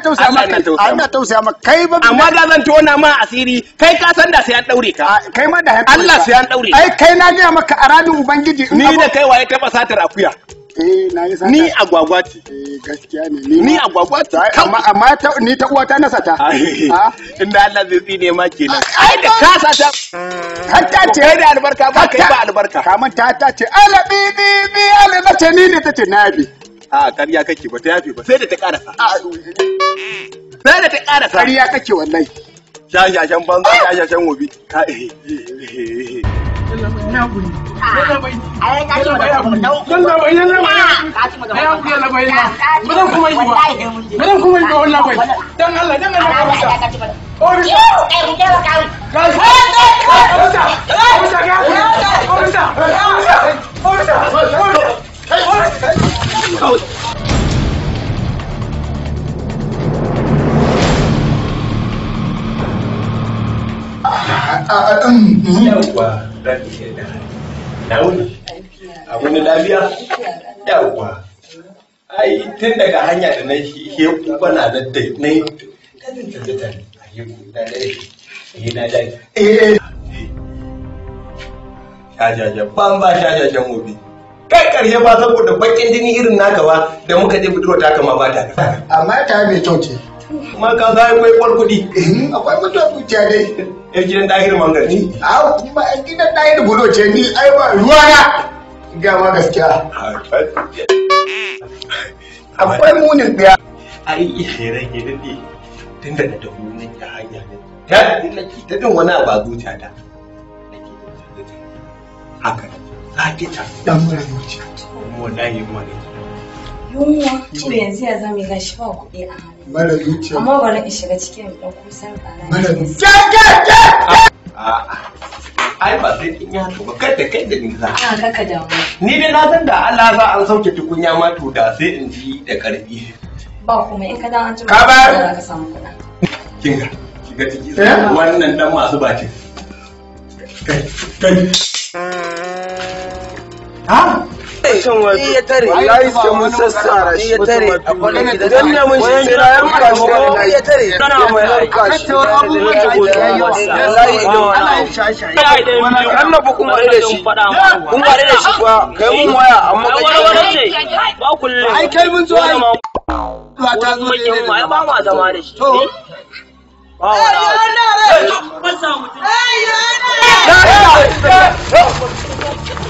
tausaya ma ina tausaya ma ina tausaya ma kai ba amma da zan tona ma asiri kai ka san da sai an daure ka kai ma da Allah sai an daure ai kai na ga maka aradin ubangiji ni da kai waye taba satar akuya eh, ni agwagwa ce eh, gaskiya ne ni agwagwa ce amma ni ta uwa ta nasa ta inda Allah zai tsine ma kenan ai da ka sata hatta ce kai da albarka ba kai ba albarka kaman ta ta ce alabi bi bi alabi ce ni ne ta ce na bi a karya kake ba ta yafe ba sai da ta karasa sai da ta karasa karya kake wallahi shashashan banza shashashan wobi Hey! thôi yawwa ranke da na wuni a wani lafiya yawwa ai tun daga hanya da na he kubana da ta na yi tajin tajata ne a yi kuda da yi na jaji eh eh shajajen ban ba shajajen hobi kai karshe ba saboda bakin jini irin naka ba da muka je budurwa ta kama ba ta amma ta mai kyau ce kuma ka za eh, akwai kwal kuɗi akwai mutuwa zuciya dai yan gidan dahir mangarci a kuma yan gidan dahir bulo ce ni ai ba ruwa na gama gaskiya akwai munin biya ai ihe rage dade tun da na tafi nan ya hanya ne ta ta din wani abu a zuciya ta haka ne ka fita dan mura zuciya wallahi kuma yunwa to yanzu ya zama ga shi ba kuɗi a hannu mara zuciya amma bari in shiga cikin ɗauko sarƙa na mara zuciya ai ba sai kin ya to kai da kai da ni za a kaka damu ni dai na san da Allah za an sauke tukunya ma to da sai in ji da karfi ba kuma in ka dan an ji ka ba ka samu kuɗa kinga kiga ciki eh? wannan dan masu bacin kai kai ha shan wato ya tare ya yi ce mun sassara shi ya tare a ne mun shi sai ya ruka shi ya tare kana mai ruka shi ta abubuwan da ake yi wallahi ina wannan annabi kun ware da shi kun ware da shi kuwa kai mun waya amma kai ce ba kullum ai kai mun zo ai ba ta zo ne eh? ba ma zama da shi to ba wa na ai ai ai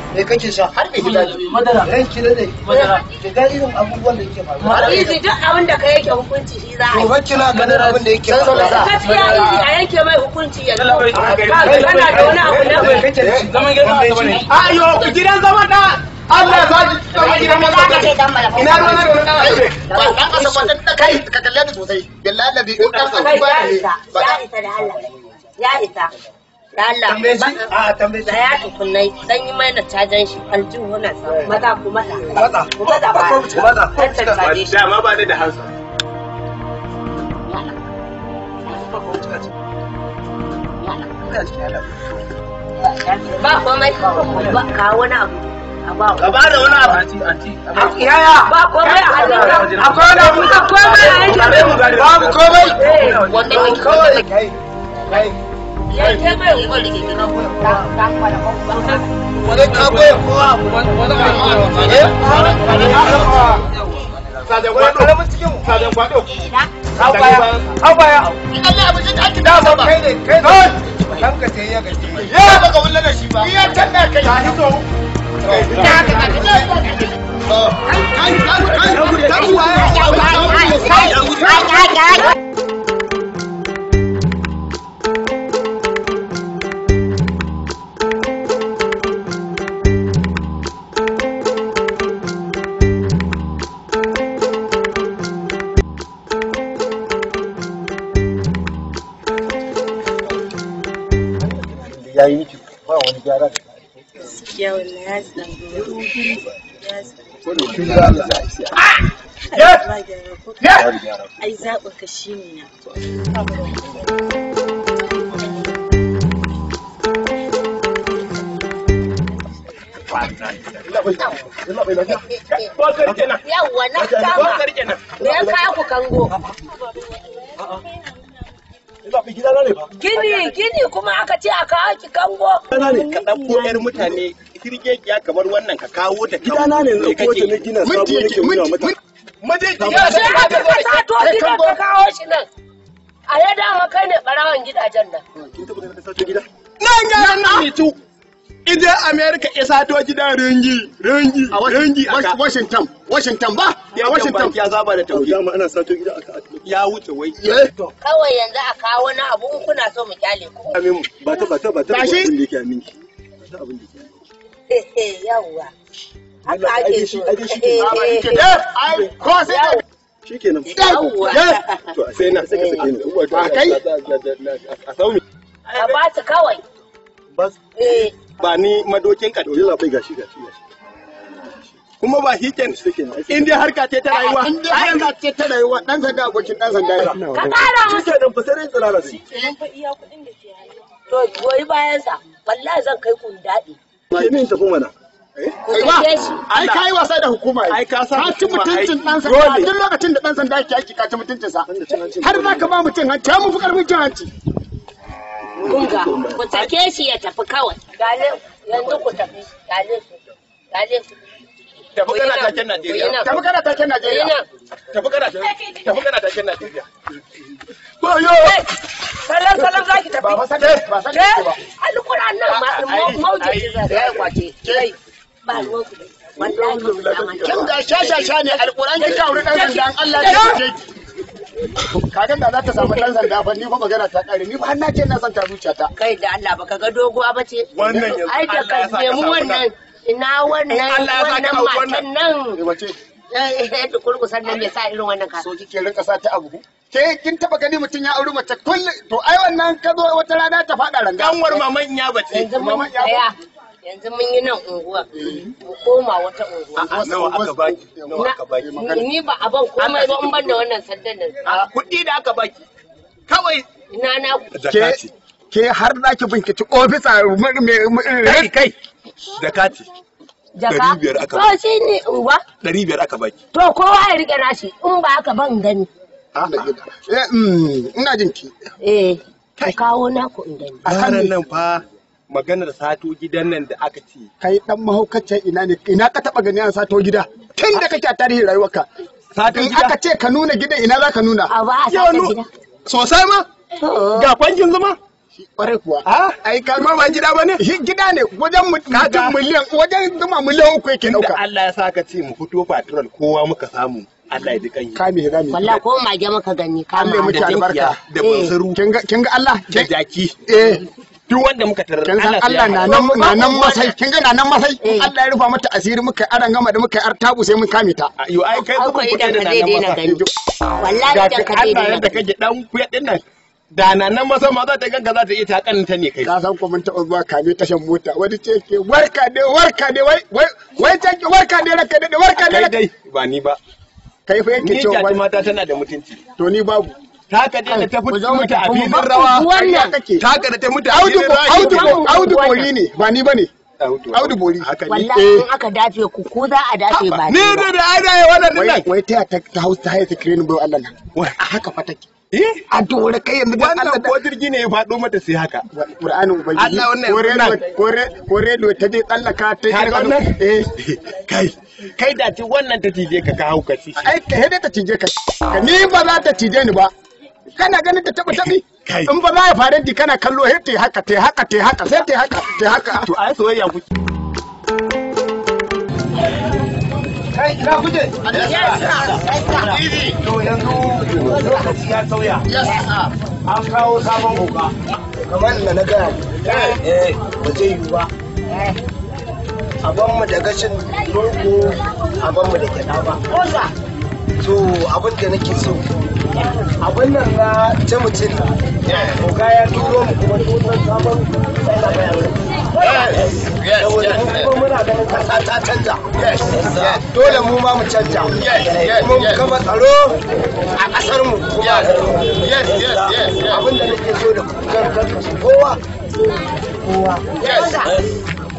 me kake sha har me gida madara ran ki dade madara ki ga irin abubuwan da yake faruwa izi duk abin da ka yake hukunci shi za a yi to kina ganin abin da yake faruwa izi a yanke mai hukunci ya zo da wani abu na mai kake shi zaman gidan zama ne ayo gidan da Allah ya zaji zama gidan maza da ina ruwa na ruwa na aure wannan kasa kwata ta kai ka kalle ni sosai billahi da bi ko kasa ba ya isa da Allah ya isa Allah a tambaye shi ah, ya tukunai yi cajan eh. shi maza ba na abu da wani abu anti yaya ba komai a wani a babu komai Ai, ai, ai, ai, ai, ta yi miki ba wani gyara da ya ya yawwa na kama da ya kango zaɓi ne ba. Gini gini kuma aka ce a kawo ki kango. Gidana ne ka ɗauko 'yar mutane kamar wannan ka kawo da kawo. Gidana ne na kowace na gina sabo nake nuna mata. ki ya sai ka kawo shi nan. A ya dama kai ne ɓarawan gidajen nan. Kin gida? Nan ya nan na. ije Amerika ya sato gidan ringi ringi ringi a washington washington ba ya washington ya zaba da tauri dama ana sato gidan aka ya wuce wai kawai yanzu a kawo wani abu kuna so mu kyale ku amin ba ta ba ta ba ta abin da yake amin ta abin da yake yawwa haka ake shi ake shi ke. ai ko sai ka shi ke nan. kenan to sai na sai ka sake ni a kai a saumi a ba ta kawai Abbas eh, ba ni madokin ka dole labai gashi gashi kuma ba shi ke in dai harka ce ta rayuwa in dai harka ce ta rayuwa dan sanda abokin dan sanda ya ka shi ke dan tsirara shi fa iya kudin da ke to goyi bayan sa wallahi zan kai kun dadi ke min tafi mana eh? ai ka yi wasa da hukuma ai ka sa ci mutuncin dan sanda duk lokacin da dan sanda yake aiki ka ci har ma ka ba mutun hanci mu fi karfin cin hanci kunga ku sake shi ya tafi kawai gale yanzu ku tafi gale su gale su tafi kana taken Najeriya tafi kana taken Najeriya tafi kana tafi kana taken Najeriya koyo sallan sallan zaki tafi ba sake ba sake ba alquran nan ma mauje zai ya kwace kai ba ruwa ku wallahi kin ga shashasha ne alquran ki wuri dan Allah ya kwace kakan da za ta samu dan sanda fa ni fa magana ta kare ni fa har na ce na son ta zuciyata kai da Allah baka ga doguwa ba ce wannan yanzu ai da ka nemi wannan ina wannan wannan matan nan eh, eh, eh kurkusan nan me sa irin wannan ka so kike rinka sa ta abu ke kin taba gani mutun ya auri mace kullum to ai wannan ka zo wata rana ta fada ranga kanwar maman ya bace maman ya yanzu mun yi nan unguwa mu koma wata unguwa nawa aka baki nawa aka baki ni ba a ban komai ba in ban da wannan sandan nan kuɗi da aka baki kawai na na ke ke har za ki binciki ofisa mai kai jaka ce jaka to shi ne unguwa Dari biyar aka baki to kowa ya rike nashi in ba aka ban gani ah. eh, mm, ina jinki eh ka kawo naku in gani a nan fa maganar sato gidan nan da aka ce kai dan mahaukacin ina ne ina ka taba gani an sato gida tun da kake a tarihin rayuwarka sato gida aka ce ka nuna gidan ina za ka nuna a ba a sato gida sosai ma oh. ga kwankin zuma kwarai kuwa. Ah? Ai ma ba gida ba ne? Shi gida ne wajen katin miliyan wajen zuma miliyan uku yake dauka. Allah ya saka ce mu fito patrol kowa muka samu. Allah ya ji kanyi. Kame rami. Wallah ko mage muka gani K'a Allah ya muke albarka. Da eh, bunsuru. Kin ga Allah? Da jaki. Eh. duk wanda muka tarar Allah na nan na nan masai kin ga na nan masai eh. Allah ya rufa mata asiri muka aran gama da muka ar tabu sai mun kame ta ah, yo ai kai ku idan ka dai na gani wallahi idan ka dai Allah da kake dan ku din nan da na nan masa ma za ta ganka za ta iya takan ta ne kai ka san ko mun taɓa zuwa kame tashan mota wani ce ke warka ne warka ne wai wai Wai ce ke warka ne raka ne warka ne dai ba ni ba kai fa yake cewa ni mata tana da mutunci to ni babu taka da ta mutu a filin rawa taka da ta mutu a filin rawa audu bori ne ba ni bane audu bori wallahi in eh. aka dafe ku ko za a dafe ba ni ne da ai da wannan nan wai ta ta hausa ta haye kirin bai Allah nan haka fa Eh? A dole kai yanzu da Allah ko jirgi ne ya faɗo mata sai haka. Qur'anin Ubangiji. Allah wannan ko rediyo ta je tsallaka ta yi Eh. Kai. Kai da ci wannan ta ka ka hauka shi. Ai kai ta ka. Ni ba za ta cije ni ba. kana ganin ta taɓa tabi? in ba za ya fara di kana kallo sai ta haka ta haka ta haka sai ta haka ta haka to ai soyayya kuke kai ina kuje to yanzu lokaci ya sauya an kawo sabon hoka kamar da na gaya eh ba zai yiwu ba a ban mu da gashin murgu a ban mu da kyada ba to abin da nake so abin nan na ta mutum ya turo mu kuma tutar sabon ta canza dole mu ma mu canja kuma mu kama tsaro a kasar mu abin da nake so da kukan kowa kowa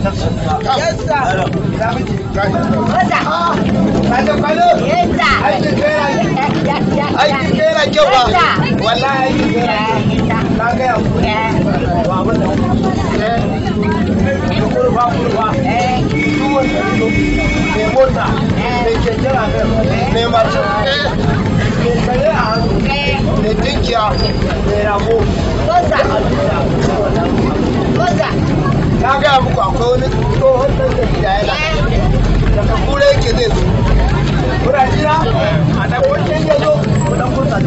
aiki kai na kyau na gaya muku akwai wani tsohon ɗan jarida yana daga kura yake zai zo kuna a ɗan wancan ya zo ku ɗan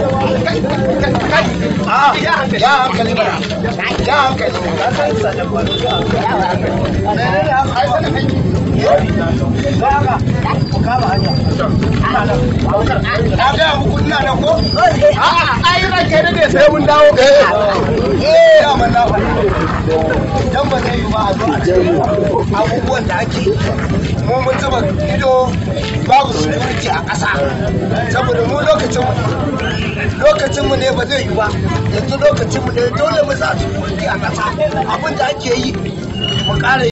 da ba ya hankali mana ya hankali ka san sanar ba ya hankali Na sai mun dawo. ya ba zai yi ba a zo a cikin abubuwan da ake mun zuba ido babu security a ƙasa. Saboda mu lokacin lokacin mu ne ba zai yi ba. Yanzu lokacin mu ne dole mu sa a ƙasa. Abin da ake yi mu ƙara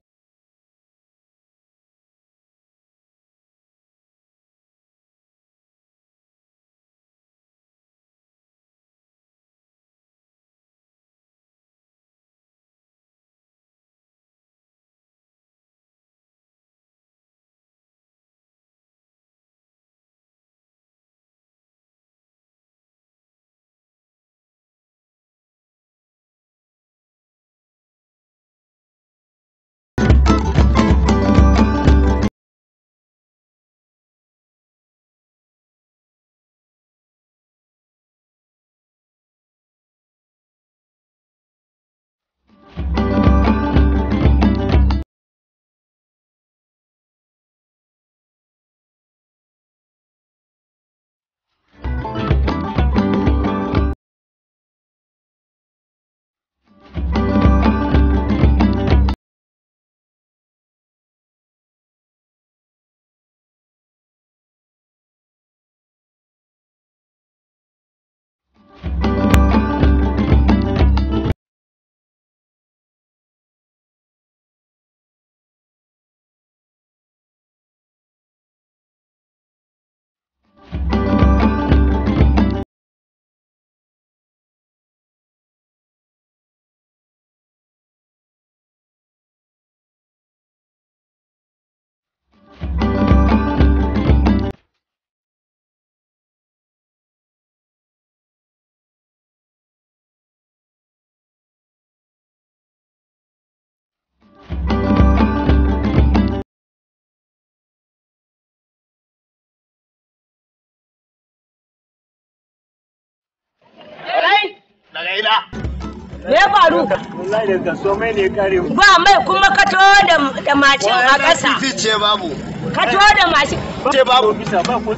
Me faru? Wallahi da mai ne kare mu. Ba mai kuma ka to da mashin a ƙasa. Titi ce babu. Ka to da mashin. Ce babu. Bisa ba ko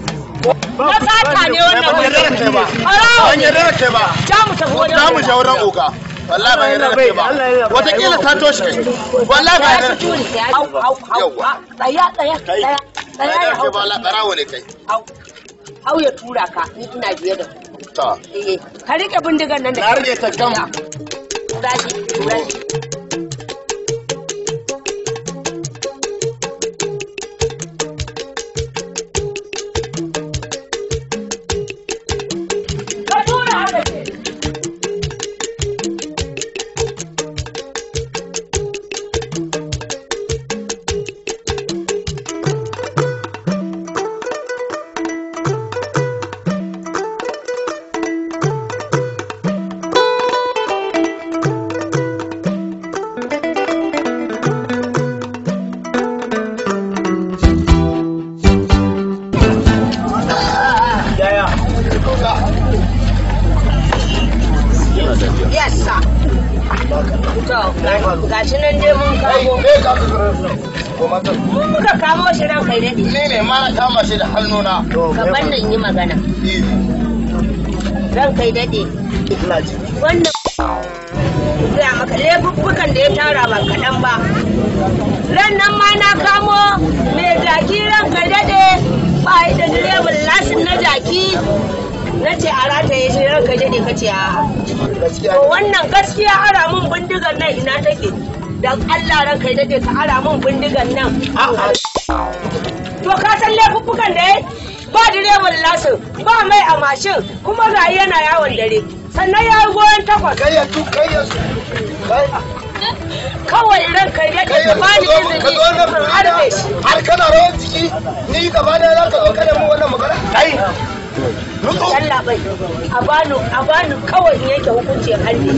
Na da ba. Za mu tafi wajen. Za mu da da Tsaya da hau ya tura ka ni ina biye da eh, ka rike bindigan nan da na rike ta gam tashi tashi yi magana ran kai dade wannan ya maka laifuffukan da ya tara ba kaɗan ba ran nan ma na kamo mai jaki ran kai dade ba da direban lasin na jaki na ce a rataye shi ran kai dade ka ce a wannan gaskiya ara mun bindigar nan ina take don Allah ran kai dade ka ara mun bindigan nan. To ka san laifuffukan da ya ba direban lasin ba mai a mashin kuma ga yana yawon dare sannan ya yi goyon takwas kawai ran kai da ke ba ni izini harbe shi har kana rawar jiki ni gaba da za ka zo kada mu wannan magana kai Allah bai a bani kawai yanke hukuncin harbe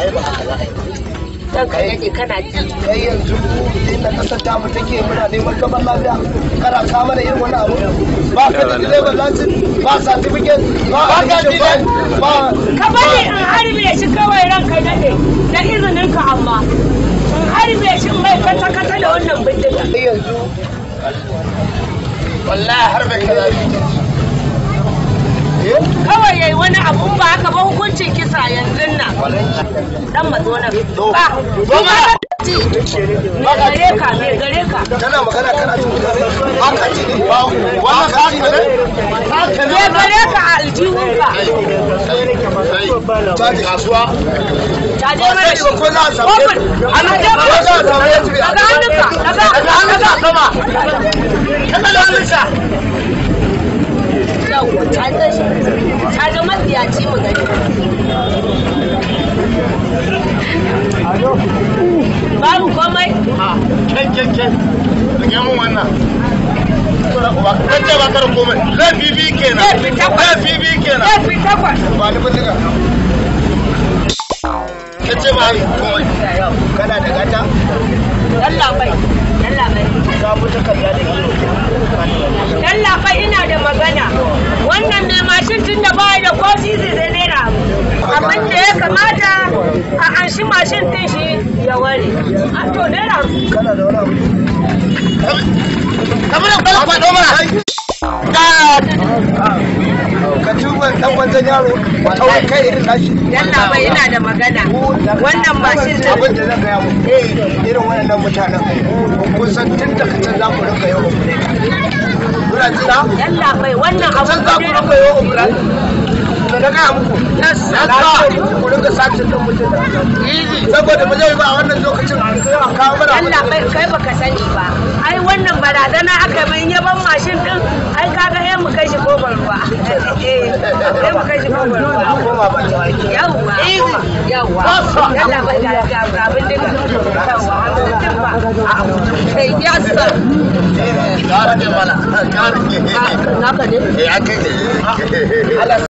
ai ba haka za a yi kan ka yake kana ji kai yanzu inda kasar ta mu take muna neman gaban lafiya kana ka mana irin wani abu ba ka da direban lasin ba sa certificate ba admission ba ka bari in harbe shi kawai ranka dade da izinin ka amma in harbe shi mai kata kata da wannan bindiga yanzu wallahi harbe ka kawai yayi wani abu ba haka ba hukuncin kisa yanzu nan dan matso ba ba gare ka mai gare ka tana magana kana ba wannan ne gare ka aljihun ka caji kasuwa mana shi ko za a samu ana je ba za a samu daga hannunka daga hannunka sama daga hannunka yawwa ta mu ah, wannan ba kar komai laifi bi kenan laifi bi kenan laifi takwas ba ni ba ba komai da gata Allah bai Allah bai ina da magana wannan mai mashin tun da baya da ko sisi zai naira abin da ya kamata a anshi mashin tun shi ya ware a to naira kamar kwalakwa domara ka tuba dan wanzan yaro taurin kai irin yalla bai yana da magana wannan ba shi ne abin da zan gaya irin wannan mutanen kun san tun da kacan za ku rinka yawan kuna jira yalla bai wannan za ku rinka na gaya muku ku rinka sace don mutum saboda ba zai ba a wannan lokacin a kawo mana Allah bai kai baka sani ba ai wannan barazana aka mai yaban mashin din ai kaga ai mu kai shi gobar ruwa eh mu kai shi gobar ruwa Allah bai ga abin ba sai eh, ya sa ka ne mana ka ne naka ne eh